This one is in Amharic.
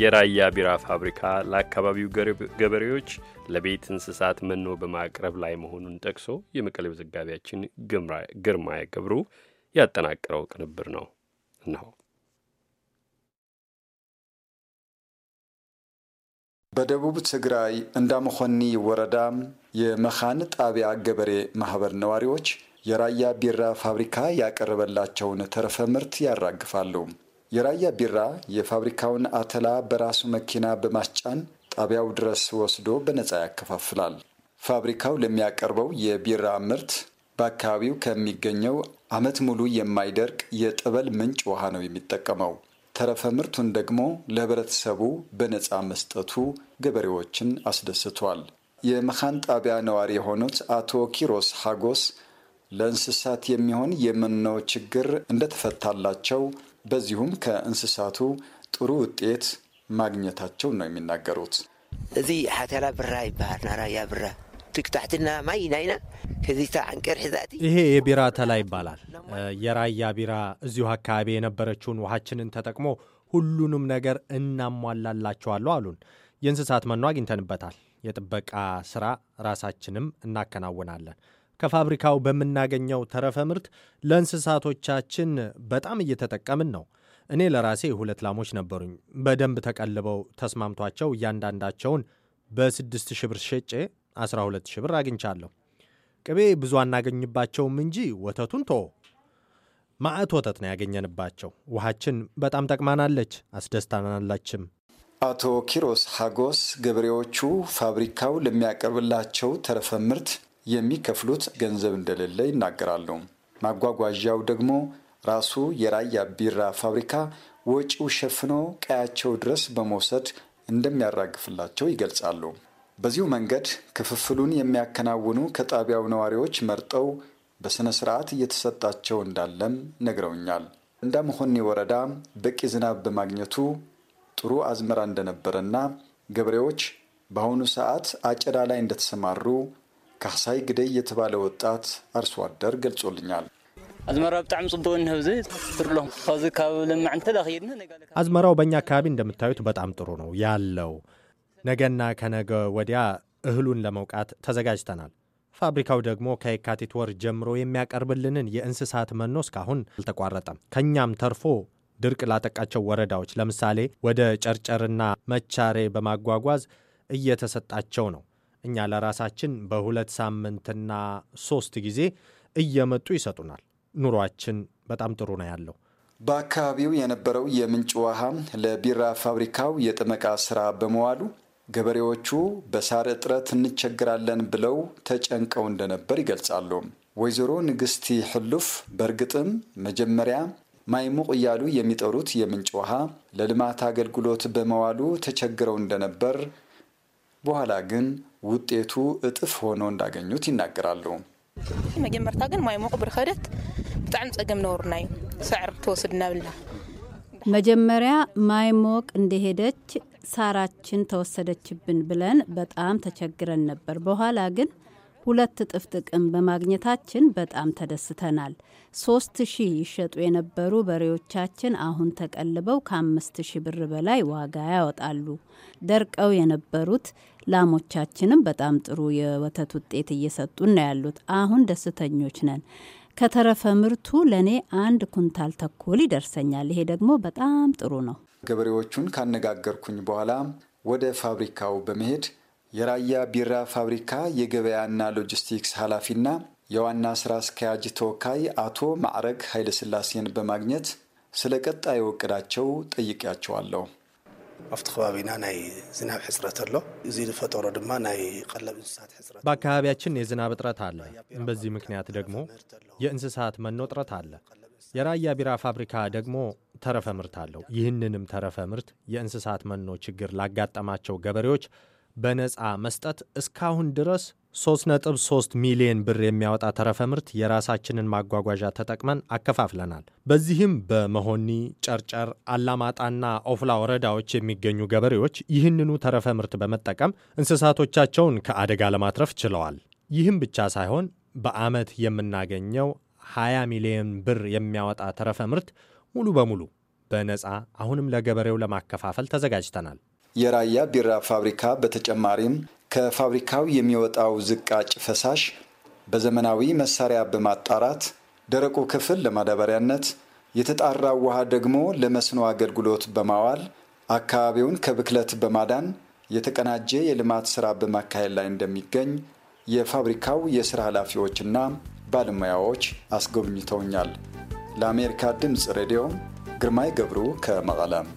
የራያ ቢራ ፋብሪካ ለአካባቢው ገበሬዎች ለቤት እንስሳት መኖ በማቅረብ ላይ መሆኑን ጠቅሶ የመቀሌው ዘጋቢያችን ግርማ ገብሩ ያጠናቀረው ቅንብር ነው ነው። በደቡብ ትግራይ እንዳመኾኒ ወረዳ የመኻን ጣቢያ ገበሬ ማህበር ነዋሪዎች የራያ ቢራ ፋብሪካ ያቀረበላቸውን ተረፈ ምርት ያራግፋሉ። የራያ ቢራ የፋብሪካውን አተላ በራሱ መኪና በማስጫን ጣቢያው ድረስ ወስዶ በነፃ ያከፋፍላል። ፋብሪካው ለሚያቀርበው የቢራ ምርት በአካባቢው ከሚገኘው ዓመት ሙሉ የማይደርቅ የጠበል ምንጭ ውሃ ነው የሚጠቀመው። ተረፈ ምርቱን ደግሞ ለህብረተሰቡ በነፃ መስጠቱ ገበሬዎችን አስደስቷል። የመካን ጣቢያ ነዋሪ የሆኑት አቶ ኪሮስ ሀጎስ ለእንስሳት የሚሆን የመኖ ችግር እንደተፈታላቸው በዚሁም ከእንስሳቱ ጥሩ ውጤት ማግኘታቸው ነው የሚናገሩት። እዚ ሓተላ ብራ ይበሃል ናራያ ብራ ትክታሕትና ማይ ናይና ከዚታ ዓንቀር ሒዛእቲ ይሄ የቢራ ተላ ይባላል። የራያ ቢራ እዚሁ አካባቢ የነበረችውን ውሃችንን ተጠቅሞ ሁሉንም ነገር እናሟላላቸዋለሁ አሉን። የእንስሳት መኖ አግኝተንበታል። የጥበቃ ስራ ራሳችንም እናከናውናለን። ከፋብሪካው በምናገኘው ተረፈ ምርት ለእንስሳቶቻችን በጣም እየተጠቀምን ነው። እኔ ለራሴ ሁለት ላሞች ነበሩኝ። በደንብ ተቀልበው ተስማምቷቸው እያንዳንዳቸውን በስድስት ሺህ ብር ሸጬ 12 ሺህ ብር አግኝቻለሁ። ቅቤ ብዙ አናገኝባቸውም እንጂ ወተቱን ቶ ማዕት ወተት ነው ያገኘንባቸው። ውሃችን በጣም ጠቅማናለች፣ አስደስታናለችም። አቶ ኪሮስ ሀጎስ ገበሬዎቹ ፋብሪካው ለሚያቀርብላቸው ተረፈ ምርት የሚከፍሉት ገንዘብ እንደሌለ ይናገራሉ። ማጓጓዣው ደግሞ ራሱ የራያ ቢራ ፋብሪካ ወጪው ሸፍኖ ቀያቸው ድረስ በመውሰድ እንደሚያራግፍላቸው ይገልጻሉ። በዚሁ መንገድ ክፍፍሉን የሚያከናውኑ ከጣቢያው ነዋሪዎች መርጠው በሥነ ሥርዓት እየተሰጣቸው እንዳለም ነግረውኛል። እንዳመሆኔ ወረዳ በቂ ዝናብ በማግኘቱ ጥሩ አዝመራ እንደነበረና ገበሬዎች በአሁኑ ሰዓት አጨዳ ላይ እንደተሰማሩ ካሳይ ግደይ የተባለ ወጣት አርሶ አደር ገልጾልኛል። አዝመራ ብጣዕሚ ጽቡቅ ዚ ብርሎ ካብዚ ካብ ለማዕ እንተዳኺድና አዝመራው በእኛ አካባቢ እንደምታዩት በጣም ጥሩ ነው ያለው። ነገና ከነገ ወዲያ እህሉን ለመውቃት ተዘጋጅተናል። ፋብሪካው ደግሞ ከየካቲት ወር ጀምሮ የሚያቀርብልንን የእንስሳት መኖ እስካሁን አልተቋረጠም። ከእኛም ተርፎ ድርቅ ላጠቃቸው ወረዳዎች ለምሳሌ ወደ ጨርጨርና መቻሬ በማጓጓዝ እየተሰጣቸው ነው። እኛ ለራሳችን በሁለት ሳምንትና ሶስት ጊዜ እየመጡ ይሰጡናል። ኑሯችን በጣም ጥሩ ነው ያለው። በአካባቢው የነበረው የምንጭ ውሃ ለቢራ ፋብሪካው የጥመቃ ስራ በመዋሉ ገበሬዎቹ በሳር እጥረት እንቸግራለን ብለው ተጨንቀው እንደነበር ይገልጻሉ። ወይዘሮ ንግስቲ ሕሉፍ በእርግጥም መጀመሪያ ማይሙቅ እያሉ የሚጠሩት የምንጭ ውሃ ለልማት አገልግሎት በመዋሉ ተቸግረው እንደነበር በኋላ ግን ውጤቱ እጥፍ ሆኖ እንዳገኙት ይናገራሉ። መጀመርታ ግን ማይ ሞቅ ብርከደት ብጣዕሚ ፀገም ነበርና እዩ ሳዕር ተወስድ ብላ መጀመሪያ ማይ ሞቅ እንደሄደች ሳራችን ተወሰደችብን ብለን በጣም ተቸግረን ነበር። በኋላ ግን ሁለት እጥፍ ጥቅም በማግኘታችን በጣም ተደስተናል። ሶስት ሺህ ይሸጡ የነበሩ በሬዎቻችን አሁን ተቀልበው ከአምስት ሺህ ብር በላይ ዋጋ ያወጣሉ። ደርቀው የነበሩት ላሞቻችንም በጣም ጥሩ የወተት ውጤት እየሰጡን ነው ያሉት። አሁን ደስተኞች ነን። ከተረፈ ምርቱ ለእኔ አንድ ኩንታል ተኩል ይደርሰኛል። ይሄ ደግሞ በጣም ጥሩ ነው። ገበሬዎቹን ካነጋገርኩኝ በኋላ ወደ ፋብሪካው በመሄድ የራያ ቢራ ፋብሪካ የገበያና ሎጂስቲክስ ኃላፊና የዋና ስራ አስኪያጅ ተወካይ አቶ ማዕረግ ኃይለስላሴን በማግኘት ስለ ቀጣይ እቅዳቸው ጠይቄያቸዋለሁ። ኣብቲ ከባቢና ናይ ዝናብ ሕፅረት ኣሎ እዚ ዝፈጠሮ ድማ ናይ ቀለብ እንስሳት ሕፅረት። በአካባቢያችን የዝናብ እጥረት አለ። በዚህ ምክንያት ደግሞ የእንስሳት መኖ እጥረት አለ። የራያ ቢራ ፋብሪካ ደግሞ ተረፈ ምርት አለው። ይህንንም ተረፈ ምርት የእንስሳት መኖ ችግር ላጋጠማቸው ገበሬዎች በነፃ መስጠት እስካሁን ድረስ 3.3 ሚሊዮን ብር የሚያወጣ ተረፈ ምርት የራሳችንን ማጓጓዣ ተጠቅመን አከፋፍለናል። በዚህም በመሆኒ፣ ጨርጨር፣ አላማጣና ኦፍላ ወረዳዎች የሚገኙ ገበሬዎች ይህንኑ ተረፈ ምርት በመጠቀም እንስሳቶቻቸውን ከአደጋ ለማትረፍ ችለዋል። ይህም ብቻ ሳይሆን በዓመት የምናገኘው 20 ሚሊዮን ብር የሚያወጣ ተረፈ ምርት ሙሉ በሙሉ በነፃ አሁንም ለገበሬው ለማከፋፈል ተዘጋጅተናል። የራያ ቢራ ፋብሪካ በተጨማሪም ከፋብሪካው የሚወጣው ዝቃጭ ፈሳሽ በዘመናዊ መሳሪያ በማጣራት ደረቁ ክፍል ለማዳበሪያነት፣ የተጣራው ውሃ ደግሞ ለመስኖ አገልግሎት በማዋል አካባቢውን ከብክለት በማዳን የተቀናጀ የልማት ስራ በማካሄድ ላይ እንደሚገኝ የፋብሪካው የስራ ኃላፊዎችና ባለሙያዎች አስጎብኝተውኛል። ለአሜሪካ ድምፅ ሬዲዮ ግርማይ ገብሩ ከመቐለም